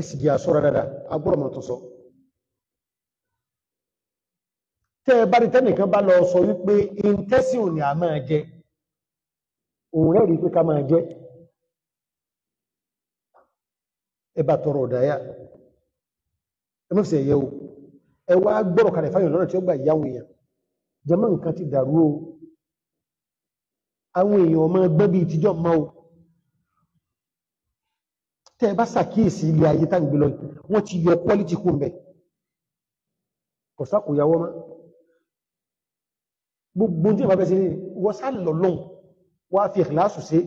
ẹsìgì àṣọ́ra dada agbọ́rọ̀mọ̀ tó sọ te bá rí tẹ́nìkan bá lọ sọ wípé intẹ́sì ò a máa jẹ òun rẹ̀ rí pé ká máa jẹ ẹbà tọrọ ọ̀dáyà ẹmọ́fẹ́sẹ̀ ẹ̀yẹ o ẹ wá gbọ́rọ̀ kalẹ̀ fáyọ̀ lọ́nà tí ó gbà ìyáwó èèyàn ti daruo ọmọ tẹ́ bá sàkíyèsí ilé ayé tá ń gbé lọ wọ́n ti yọ quality kó mẹ́ kọ̀sá kò yàwó má gbogbo tí ìbábẹ́ sí ní wọ́n sá lọ́lọ́n wá fi ìkìláàsù sí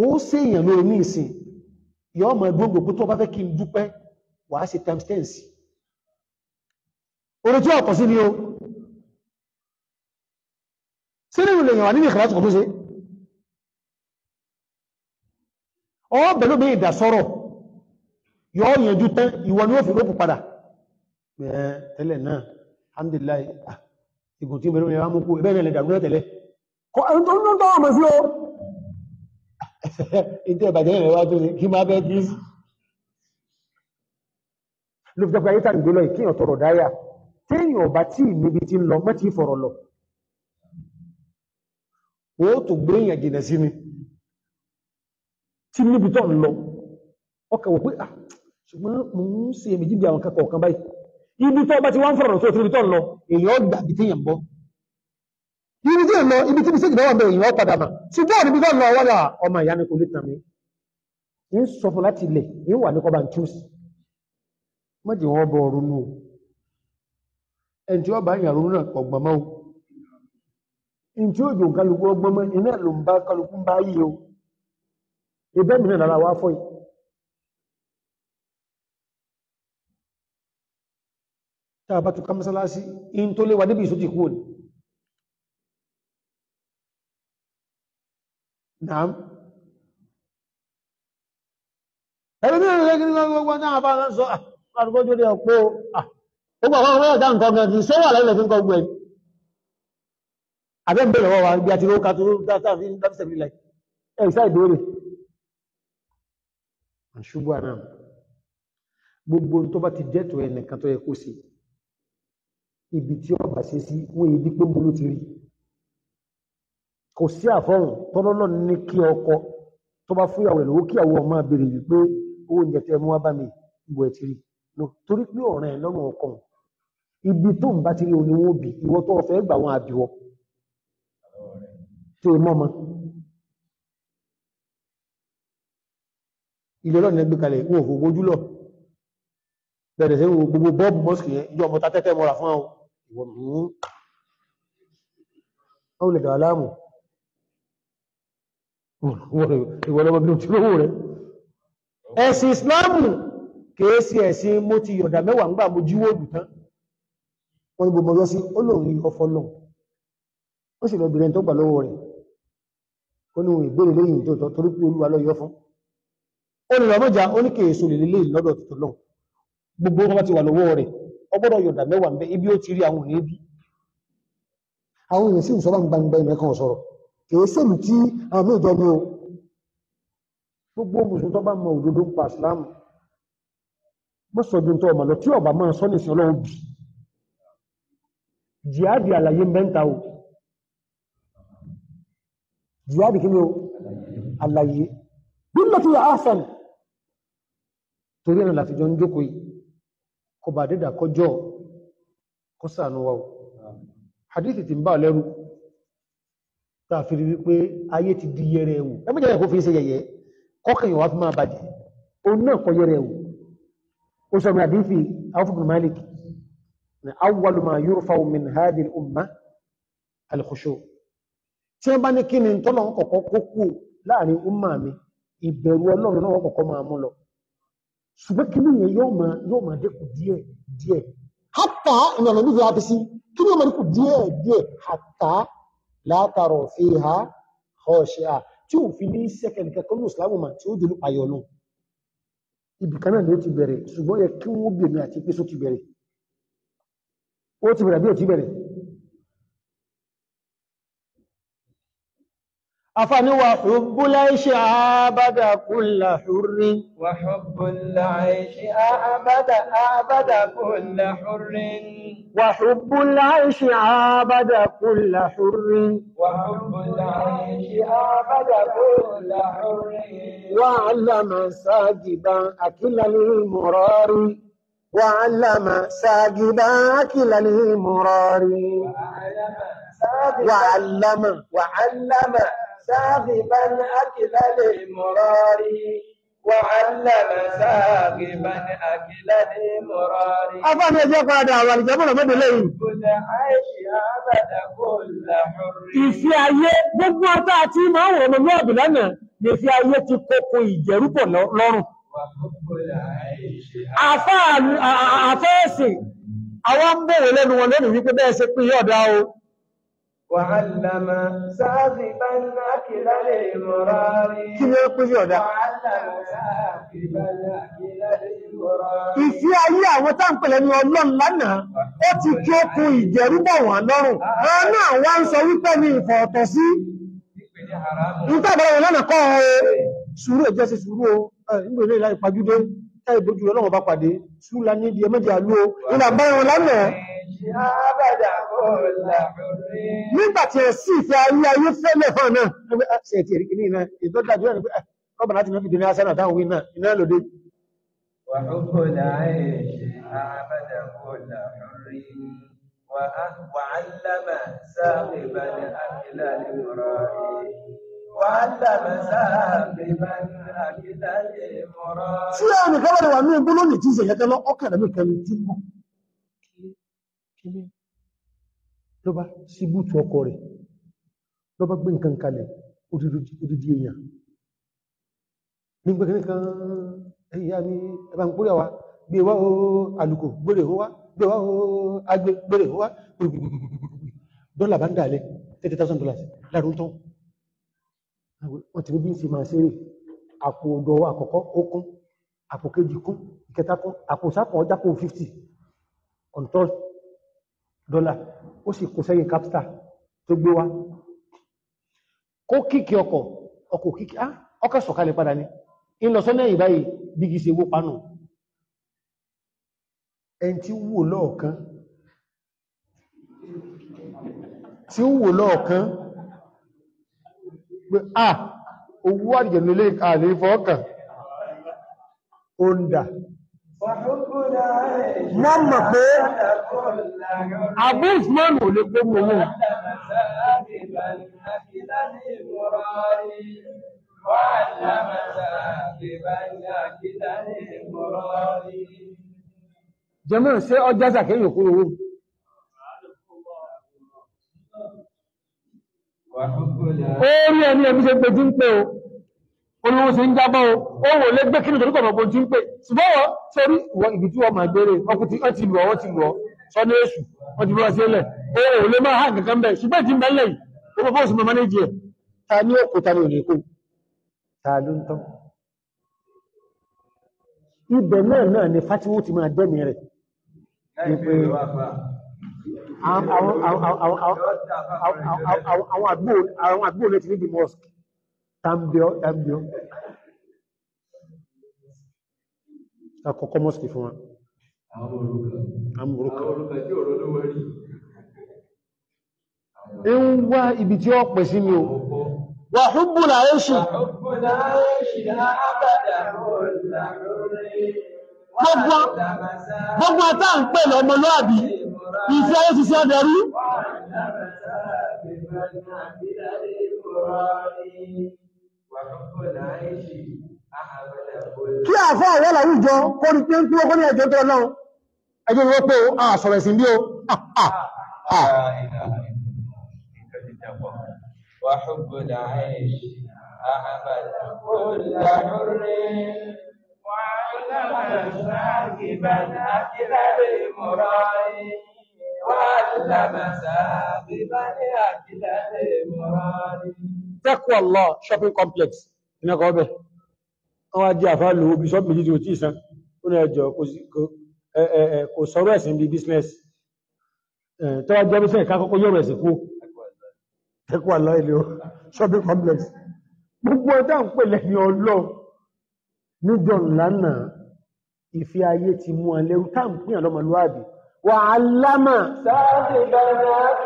ó sí èèyàn lórí ní ìsìn yọ ọmọ gbogbo tó bá fẹ́ kí n dúpẹ́ wàá sí times ten orí tí ọ̀pọ̀ sí ni ó sí ní ìrìnlẹ̀ wà nínú ìkìláàsù kọ̀ tó ṣe ọ bẹ̀rẹ̀ bí ìdásọ́rọ̀ yọ yẹnjú tán ìwọ ni ó fi lókù padà tẹ́lẹ̀ náà alhamdulillah ìgùn tí mẹ́rin wá mú kú ẹgbẹ́ ìrìnlẹ̀ ìdàgbẹ́ tẹ́lẹ̀ kọ́ ẹ̀rùn tó ń tọ́wọ́ mọ̀ sí ó ìtẹ́ ìbàjẹ́ ìrìn wá tó ní kí máa bẹ́ẹ̀ kìí ló fi jọpọ̀ ayétà ìgbélọ́ ìkíyàn tọrọ dáyà téèyàn ọba tí níbi ó tó gbéyàn jìnà sí ni tí níbi tó ọ lọ ọkà wò pé à ah, ṣùgbọ́n mo ń ṣe èmi jíbi àwọn kakọ̀ ọ̀kan báyìí ibi tó bá ti wá ń fọ̀rọ̀ lọ èèyàn gbà bí téèyàn bọ́ ibi tí lọ ibi tí náà wà bẹ́ẹ̀ èèyàn padà ṣùgbọ́n lọ wọ́n ah, ọmọ ìyá mi kò lè tàn mí ń sọ fún láti ilẹ̀ tí wọ́n bá náà ibẹ́ mi náà lára wá fọ́ yìí tá a bá tún ká mọ́sálásí in tó léwa níbi ìsójì kúrò ní naam ẹ̀rọ ní ẹ̀rọ gírí lọ́wọ́ náà bá ń sọ àrùgbọ́jú rí ọ̀pọ̀ ọgbà àwọn ọmọ ọ̀dá nǹkan gan kìí sọ́wọ́ àlẹ́lẹ̀ fi ń kọ́ gbẹ̀ẹ́ abẹ́ ń bẹ̀rẹ̀ wọ́n wá bí a ti lówó ká tó ṣubú àná gbogbo tó bá ti jẹ́tò ẹnìkan tó yẹ kó sí ibi tí ó bá ṣe sí wọ́n ibi pé mbolo ti rí kò sí àfọ́rùn tọ́lọ́lọ́ ní kí ọkọ tó bá fúyàwó ẹ̀lówó kí àwọn ọmọ abèrè yìí pé owó oúnjẹ tẹ mú wá bá mi ìbò ẹ̀ ti rí no torí pé ọ̀ràn ẹ̀ lọ́rùn ọkàn ibi tó ń bá ti rí oníwó bì ìwọ tó fẹ́ gbà wọn àbíwọ tó mọ́ ilé ọlọ́run ẹgbẹ́ kalẹ̀ wọn òfò gbójú lọ bẹ̀rẹ̀ sí wo gbogbo bọ́ọ̀bù mọ́sùkì yẹn ìjọ ọmọ tatẹ́tẹ́ mọ́ra fún àwọn ìwọ̀ mìíràn àwọn olè dàá láàmù ìwọ̀ lọ́mọ bí o ti lówó rẹ̀ ẹ̀sìn ìsìláàmù kèésì ẹ̀sìn mo ti yọ̀dà mẹ́wàá ńgbà mo jíwó òdù tán wọ́n ní gbogbo ọjọ́ sí olóòrin ọfọ́ lọ ó sì lọ bìrẹ̀ tó gbà lọ́wọ́ rẹ̀ ó ní ìbéèrè lẹ́yìn tó tọ́ torí pé olúwa lọ yọ fún olùrọ̀mọ́jà oníkèèso lè lè lọ́dọ̀ tìtọ̀ lọ gbogbo ọmọ ti wà lọ́wọ́ rẹ̀ ọgbọ́dọ̀ yọ̀dà mẹ́wàá mẹ́ ibi ó ti rí àwọn òní bí àwọn èèyàn sí ìsọ́bà gbangba ilẹ̀ kan sọ̀rọ̀ kìí sèlù tí àwọn gbogbo o jihadi torí ẹ̀nà láti jọ ń jókòó yìí kọ bà dédà kọjọ́ kọsànú wa hadithi ti ń bá lẹ́rù tààfiri wípé ayé ti di yẹrẹ ẹ̀wù ẹmọ́jẹ́ ẹ̀kọ́ fi ń ṣe yẹyẹ kọkànyàn wá fi máa bàjẹ́ o náà kọ yẹrẹ ẹ̀wù ó sọ mi hadithi awfubun malik na awwalu ma ìbẹ̀rù ọlọ́run náà kọ̀kọ́ máa mú lọ ṣùgbọ́n kí ni yẹn yóò máa yóò máa dẹ́kù díẹ̀ díẹ̀ hàtà ìnà lọ́nà ìfẹ́ àti sí kí ni yóò máa dẹ́kù díẹ̀ díẹ̀ hàtà látàrọ̀ fi ha ọ̀ṣẹ́ à tí ò fi ní sẹ́kẹ̀ndì kankan ní ìsìlámù mà tí ó dé nípa ayọ̀ náà ni ó ti bẹ̀rẹ̀ ṣùgbọ́n yẹ kí wọ́n bèèrè àti pé ti bẹ̀rẹ̀ ó ti bẹ̀rẹ̀ bí ó ti bẹ̀rẹ̀ afani wa hubbul aishi abada kulla hurrin wa hubbul aishi abada abada kulla hurrin wa hubbul aishi abada kulla hurrin wa hubbul aishi abada kulla hurrin wa allama sajiban akila lil murari وعلم ساجدا أكل المرار وعلم وعلم ساغبا أكل للمرار وعلم ساغبا أكل للمرار أفهم يا جاكو هذا أولي جابونا بدو لين كل عيش أبدا كل حر ìfẹ́ ayé gbogbo ọ̀tá àti ìmọ̀ àwọn ọmọlúwàbí lánàá lè fi ayé ti kókó ìjẹ̀rúpọ̀ lọ́rùn àfẹ́ ẹ̀sìn àwọn ń bèèrè lẹ́nu wọn lónìí wípé bẹ́ẹ̀ ṣe pín ọ̀dá o وعلم ساقبا أكل الإمرار وعلم ساقبا أكل الإمرار ayé àwọn tá ní ọlọ́run lánàá ó ti kí ó kun ìjẹ̀rúbọ̀ lọ́rùn àwọn náà wá ń sọ wípé ní ìfọ̀ ọ̀tọ̀ sí nígbà lánàá kọ́ ọ sùúrù ẹ̀jẹ̀ sí sùúrù o nígbà ilé ìlà ìpàjúdé táì bójú ọlọ́run bá pàdé sùúrù lá ní ìdí àlú o nígbà ìbára lánàá nígbà tí ẹ sì fi ayé ayé fẹ́lẹ̀ fún ọ̀nà ṣe ti èrìkì ní iná ìdọ́dájú ẹni pé ọba láti ní fìdí ní asánà táwọn wí náà iná lòdì. وعلم ساقب الأكل لمرائي وعلم ساقب الأكل لمرائي tí a nìkan wà ní ìgbólónì tí ìṣẹ̀yẹ́ tẹ́lọ ọkàn mi kẹrin tí lọ́ba sí búùtù ọkọ̀ rẹ̀ lọ́ba gbé nǹkan kalẹ̀ odidi èèyàn nígbà kìnnì ẹ̀yà ni ẹ̀bà ń kórè wa gbé wá o àlùkò gbèrè wá gbé wá o agbè gbèrè wá dọ́là bá ń dà lẹ̀ thirty thousand dollars láàrú tán wọ́n ti ní bí ń fi máa ṣe rè àpò ọ̀dọ̀ àkọ́kọ́ ó kún àpò kejì kún ìkẹta kún àpò sápọ̀ ọjà kún fifty control dọ́là ó sì kó sẹ́yìn capstar tó gbé wá kó kíkì ọkọ̀ ọkọ̀ kíkì á ah, ọkà sọ̀kalẹ̀ padà ní ìlọsọ́nà ìbáyìí bí kìí ṣe wó pánù ẹn tí ń wò lọ́ọ̀kan tí ń wò lọ́ọ̀kan pé à ah, owó àdìjẹ̀ nílé àlè fọ́ọ̀kàn ó ń dà wọ́n mọ̀ pé Abu Usman ò lè gbé mi wọn. jẹ́mọ̀ ṣé ọjà sàkẹ́ yòókù owó. ó rí ẹni ṣe pé tí ń pé o. olówó ṣe ń ọ o wò lé gbé kínú torípọ̀ ọ̀gbọ̀n tí ń pè ṣùgbọ́n wọ́n sórí ibi tí wọ́n máa gbére wọ́n ti lù ọ́ ti lù ọ́ sọ́nà èṣù wọ́n ti bọ́ sí ilẹ̀ o lè máa hàn kankan bẹ̀ ṣùgbọ́n ti ń bẹ́lẹ̀ yìí ó bọ́ méjì ẹ̀ ta ní òkú ta ní òní kú ibẹ̀ náà náà ni fatiwo ti máa dẹ́mi ti ní tàbíọ́ tàbíọ́ àkọ́kọ́ mọ́sìkì fún wa àmúrúkà ń wá ibi tí ó pẹ̀ sí mi o wà húbù láyéṣì gbogbo àtà ń pè lọ́mọlúàbí ìfẹ́ ayé ti sí ọdẹ̀rú Thank kí àfá ọ̀rẹ́ làwùjọ kó ní pín pín ọkọ́ ní ẹjọ́ tó náà ẹjọ́ ni wọ́n pé ó àṣọ̀rẹ̀ sí bí ó وعلم ساقبا لأجل المراد Taqwallah shopping complex iná kọ́ bẹ̀ wọ́n wá jẹ́ àfáà lòó bí ṣọ́pù méjì tí ó tí ìsan ó ní ẹjọ́ kò sọ̀rọ̀ ẹ̀sìn bí business tó wá jẹ́ bísẹ̀ ìkákọ́kọ́ yọ̀rọ̀ ẹ̀sìn kú Taqwallah ilé o shopping complex gbogbo ọjọ́ ń pè lẹ́ni ọlọ́ níjọ ńlánà ìfi ayé ti mú alẹ́rú táà ń pín àlọ́mọlúwàbí wà á lámà sáà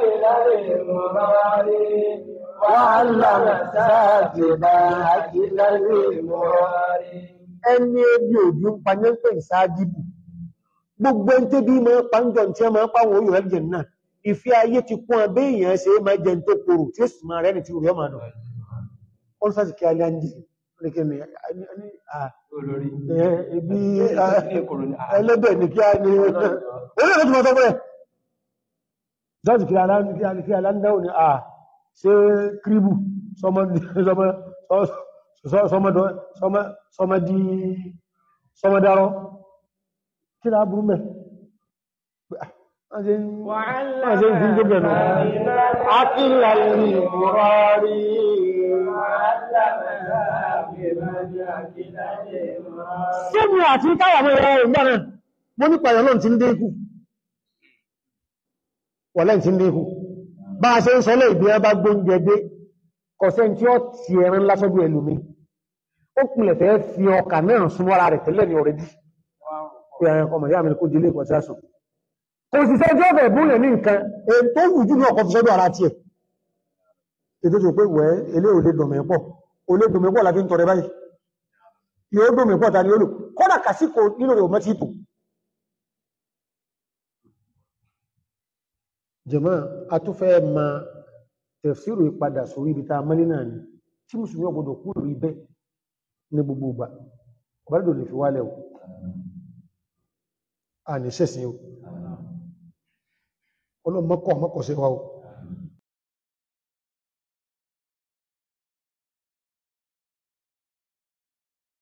إلى المغاري وعلم الساجد أجل المغاري ẹni ebi òbí ń pa nílùú ìsáájìbù gbogbo ẹni tẹ́bí mọ́ pàǹjọ tí a máa pàwọn òyìnbó ẹgbẹ̀ náà ìfẹ́ ayé ti kún abẹ́ èèyàn ṣe é máa jẹun tó korò tí ó sì máa rẹ́ni tí ó rí ọmọ náà ó ń sáàtì kí a lè ń jẹ ẹbí ẹlẹ́bẹ̀ ní kí a ní olóòrùn tó máa sọ george kí aláńdáwò ní à ṣe kírìbù sọmọdárọ́ kí lá burú mẹ́ wọ́n ṣe ń fi gbogbo ẹ̀nà akílà lórí ìmọ̀rọ̀rí sẹ́mi àti káyàwó ẹ̀rọ ìgbà náà mo nípa ìyọ̀lọ́n ti ń dé ikú wọ̀lẹ́ tí léhù bá a ṣe ń sọ lẹ́ìbí ọba gbóúnjẹ dé kọ̀sẹ́ tí ó ti ẹran lásọ́jú ẹlùmí ó kùnlẹ̀ fẹ́ fi ọkà náà súnmọ́ra rẹ̀ tẹ́lẹ̀ ní ọ̀rẹ́dí ọmọ ìyá mi kó di ilé ìkọ̀sí àsùn kò sì sẹ́ tí ó fẹ́ búlẹ̀ ní nǹkan ètò ìwùjú ní ọkọ̀ fi sọ́dọ̀ ara tiẹ̀ ètò tó pé wẹ́ ilé òde dùnmẹ́pọ̀ olé dùnmẹ́pọ̀ la fi ń tọrẹ báyìí yóò dùnmẹ́pọ̀ ta ni ó lò kọ́dà kásìkò jẹ̀mọ́ atúfẹ́ ma tẹ̀fsíìrù ìpadà sórí ibi tá a mọ́lé náà ni tí mùsùlùmí ọgbọ̀dọ̀ kú rí bẹ́ ní gbogbo ìgbà ọ̀bádọ́ lè fi wálẹ̀ o àníṣẹ́sìn o ọlọ́mọkọ̀ sí wa o